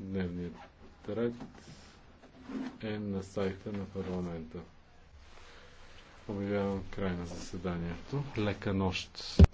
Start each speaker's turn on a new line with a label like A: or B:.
A: Дневният ред е на сайта на парламента. Обявявам край на заседанието. Лека нощ!